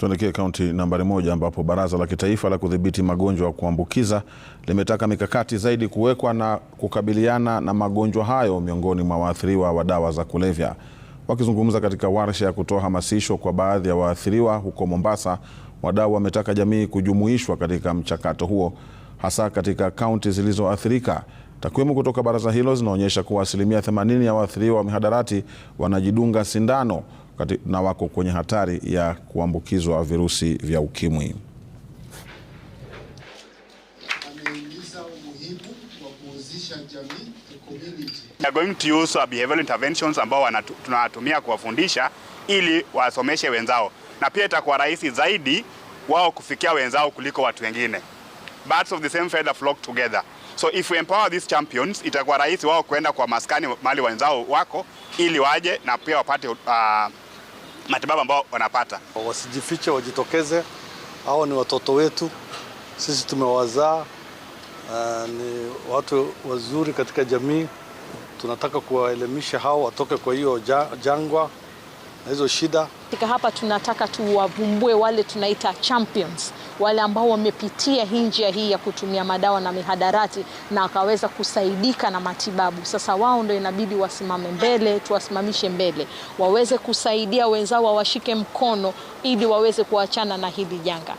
Tuelekee kaunti nambari moja ambapo Baraza la Kitaifa la Kudhibiti Magonjwa ya Kuambukiza limetaka mikakati zaidi kuwekwa na kukabiliana na magonjwa hayo miongoni mwa waathiriwa wa dawa za kulevya. Wakizungumza katika warsha ya kutoa hamasisho kwa baadhi ya waathiriwa huko Mombasa, wadau wametaka jamii kujumuishwa katika mchakato huo, hasa katika kaunti zilizoathirika. Takwimu kutoka baraza hilo zinaonyesha kuwa asilimia 80 ya waathiriwa wa mihadarati wanajidunga sindano na wako kwenye hatari ya kuambukizwa virusi vya ukimwi. We are going to use behavioral interventions ambao tunawatumia kuwafundisha ili wasomeshe wenzao, na pia itakuwa rahisi zaidi wao kufikia wenzao kuliko watu wengine. Birds of the same feather flock together. So if we empower these champions, itakuwa rahisi wao kuenda kwa maskani mali wenzao wako ili waje na pia wapate uh, matibabu ambao wanapata. Wasijifiche, wajitokeze. Hao ni watoto wetu, sisi tumewazaa. Uh, ni watu wazuri katika jamii. Tunataka kuwaelimisha hao watoke kwa hiyo jangwa na hizo shida. Katika hapa tunataka tuwavumbue wale tunaita champions, wale ambao wamepitia hii njia hii ya kutumia madawa na mihadarati na wakaweza kusaidika na matibabu. Sasa wao ndio inabidi wasimame mbele, tuwasimamishe mbele, waweze kusaidia wenzao, wawashike mkono ili waweze kuachana na hili janga.